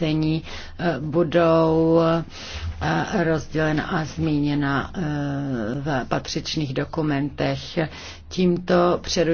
usnesení eh, budou eh, rozdělena a zmíněna eh, v patřičných dokumentech. Tímto přerušuji